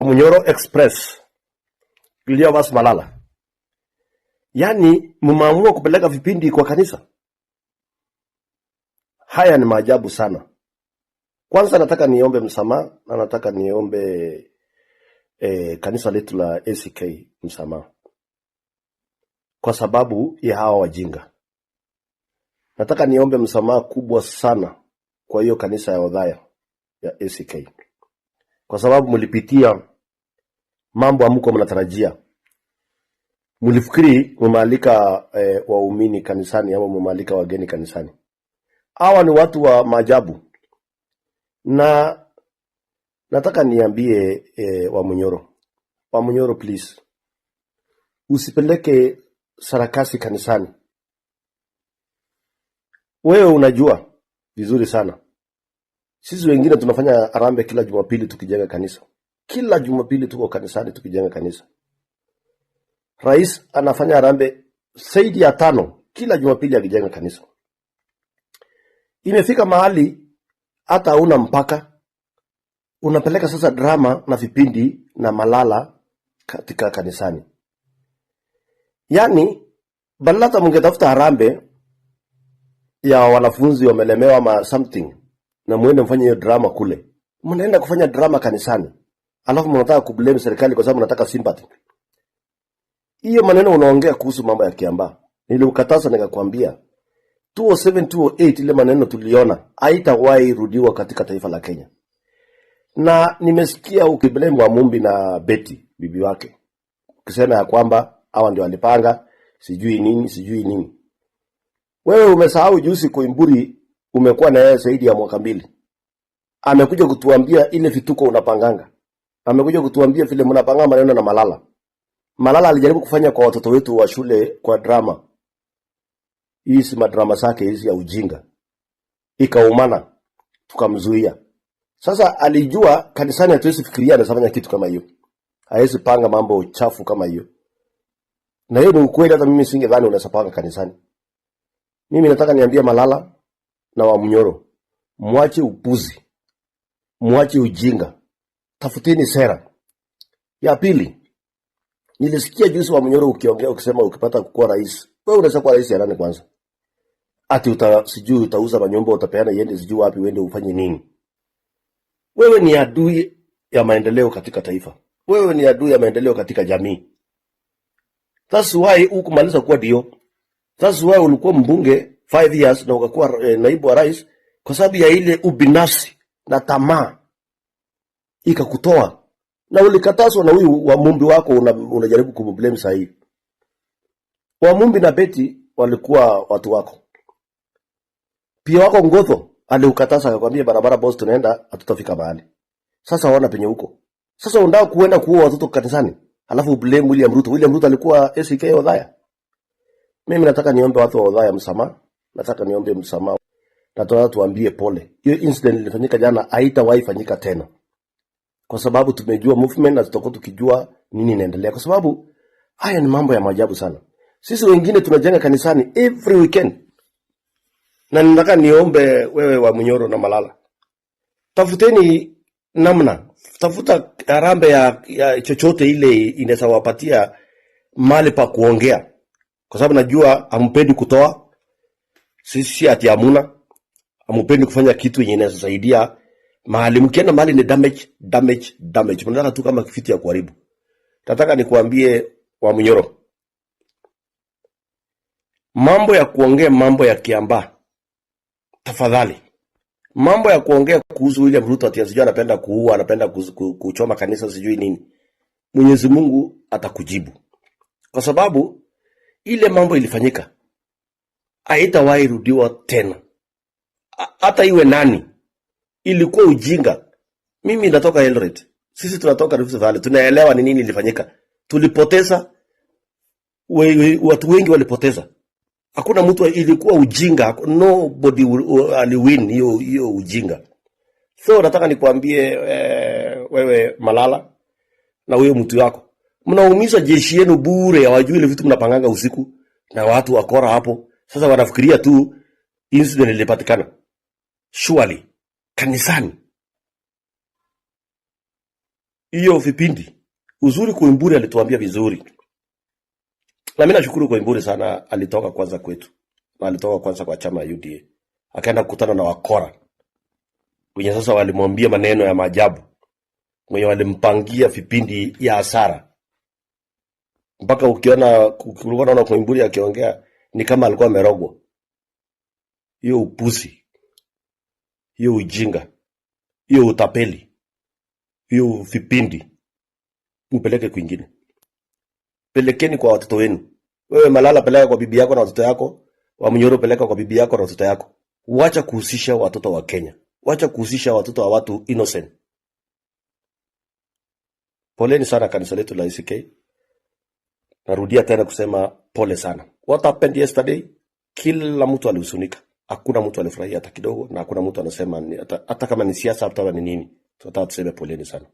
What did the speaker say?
Mnyoro Express Cleophas Malala, yaani mmeamua kupeleka vipindi kwa kanisa. Haya ni maajabu sana. Kwanza nataka niombe msamaha na nataka niombe eh, kanisa letu la ACK msamaha kwa sababu ya hawa wajinga. Nataka niombe msamaha kubwa sana kwa hiyo kanisa ya wadhaya ya ACK kwa sababu mlipitia mambo amko mnatarajia. Mlifikiri mumaalika e, eh, waumini kanisani au mumaalika wageni kanisani. Hawa ni watu wa maajabu, na nataka niambie e, Wamunyoro, Wamunyoro please, usipeleke sarakasi kanisani. Wewe unajua vizuri sana sisi wengine tunafanya arambe kila Jumapili tukijenga kanisa, kila Jumapili tuko kanisani tukijenga kanisa. Rais anafanya arambe zaidi ya tano kila Jumapili akijenga kanisa. Imefika mahali hata hauna mpaka, unapeleka sasa drama na vipindi na malala katika kanisani. Yaani badala hata mngetafuta ya wanafunzi wamelemewa ama something na muende mfanye hiyo drama kule. Mnaenda kufanya drama kanisani, alafu mnataka kublame serikali kwa sababu mnataka sympathy. Hiyo maneno unaongea kuhusu mambo ya Kiambaa, niliukataza nikakwambia 207 208, ile maneno tuliona haitawahi rudiwa katika taifa la Kenya. Na nimesikia ukiblame wa Mumbi na Beti bibi wake ukisema ya kwamba hawa ndio walipanga sijui nini sijui nini. Wewe umesahau juzi Koimburi umekuwa na yeye zaidi ya mwaka mbili. Amekuja kutuambia ile vituko unapanganga, amekuja kutuambia vile mnapanga maneno na Malala. Malala alijaribu kufanya kwa watoto wetu wa shule kwa drama, hii, si madrama zake hizi ya ujinga, ikaumana, tukamzuia. Sasa alijua kanisani hatuwezi fikiria anafanya kitu kama hiyo, hawezi panga mambo chafu kama hiyo, na hiyo ni ukweli. Hata mimi singedhani unaweza panga kanisani. Mimi nataka niambie Malala na wa mnyoro, mwache upuzi, mwache ujinga, tafutini sera. Ya pili, nilisikia juzi wa mnyoro ukiongea ukisema ukipata kuwa rais, wewe unaweza kuwa rais ya nani kwanza? Ati uta, sijui utauza manyumba, utapeana iende sijui wapi, uende ufanye nini? Wewe ni adui ya maendeleo katika taifa, wewe ni adui ya maendeleo katika jamii. That's why ukumaliza kuwa dio. That's why ulikuwa mbunge five years na ukakuwa eh, naibu wa rais kwa sababu ya ile ubinafsi na tamaa ikakutoa na ulikataswa na huyu Wamumbi wako unajaribu una kumblame sasa hivi. Wamumbi na Beti walikuwa watu wako pia wako Ngotho aliukataza akakwambia, barabara boss, tunaenda hatutafika mahali. Sasa waona penye huko sasa, unataka kuenda kuua watoto kanisani, alafu blame William Ruto. William Ruto alikuwa ACK Odhaya. Mimi nataka niombe watu wa Odhaya msamaha nataka niombe msamaha, nataka tuambie pole. Hiyo incident ilifanyika jana, haitawahi fanyika tena, kwa sababu tumejua movement na tutakuwa tukijua nini inaendelea, kwa sababu haya ni mambo ya maajabu sana. Sisi wengine tunajenga kanisani every weekend, na nataka niombe wewe wa Munyoro na Malala, tafuteni namna, tafuta harambee ya, ya chochote ile inaweza wapatia mali pa kuongea, kwa sababu najua hampendi kutoa sisi ati amuna amupendi kufanya kitu yenye inasaidia mahali. Mkienda mahali ni damage, damage, damage, mnataka tu kama kifiti ya kuharibu. Nataka nikuambie wa mnyoro mambo ya kuongea mambo ya kiamba tafadhali mambo ya kuongea kuhusu William Ruto ati sijui anapenda kuua, anapenda kuchoma kanisa, sijui nini. Mwenyezi Mungu atakujibu, kwa sababu ile mambo ilifanyika haitawahi rudiwa tena, hata iwe nani. Ilikuwa ujinga. Mimi natoka Eldoret, sisi tunatoka Rift Valley, tunaelewa ni nini ilifanyika. Tulipoteza we, we, watu wengi walipoteza, hakuna mtu. Ilikuwa ujinga, nobody aliwin hiyo hiyo ujinga. So nataka nikuambie eh, wewe Malala na huyo mtu wako mnaumiza jeshi yenu bure, hawajui ile vitu mnapanganga usiku na watu wakora hapo sasa wanafikiria tu incident ilipatikana surely kanisani. Hiyo vipindi uzuri, Koimburi alituambia vizuri, na mimi nashukuru Koimburi sana. Alitoka kwanza kwetu na alitoka kwanza kwa chama ya UDA akaenda kukutana na wakora wenye sasa walimwambia maneno ya maajabu, mwenye walimpangia vipindi ya hasara mpaka ukiona kulikuwa unaona Koimburi akiongea ni kama alikuwa amerogwa. Hiyo upusi hiyo ujinga, hiyo utapeli, hiyo vipindi mpeleke kwingine. Pelekeni kwa watoto wenu. Wewe Malala, peleka kwa bibi yako na watoto yako. Wamnyoro, peleka kwa bibi yako na watoto yako. Wacha kuhusisha watoto wa Kenya, wacha kuhusisha watoto wa watu innocent. Poleni sana kanisa letu la ICK. Narudia tena kusema pole sana. What happened yesterday, kila mtu alihusunika, hakuna mtu alifurahia hata kidogo, na hakuna mtu anasema hata kama ni siasa, hata ni nini. Tunataka tuseme poleni sana.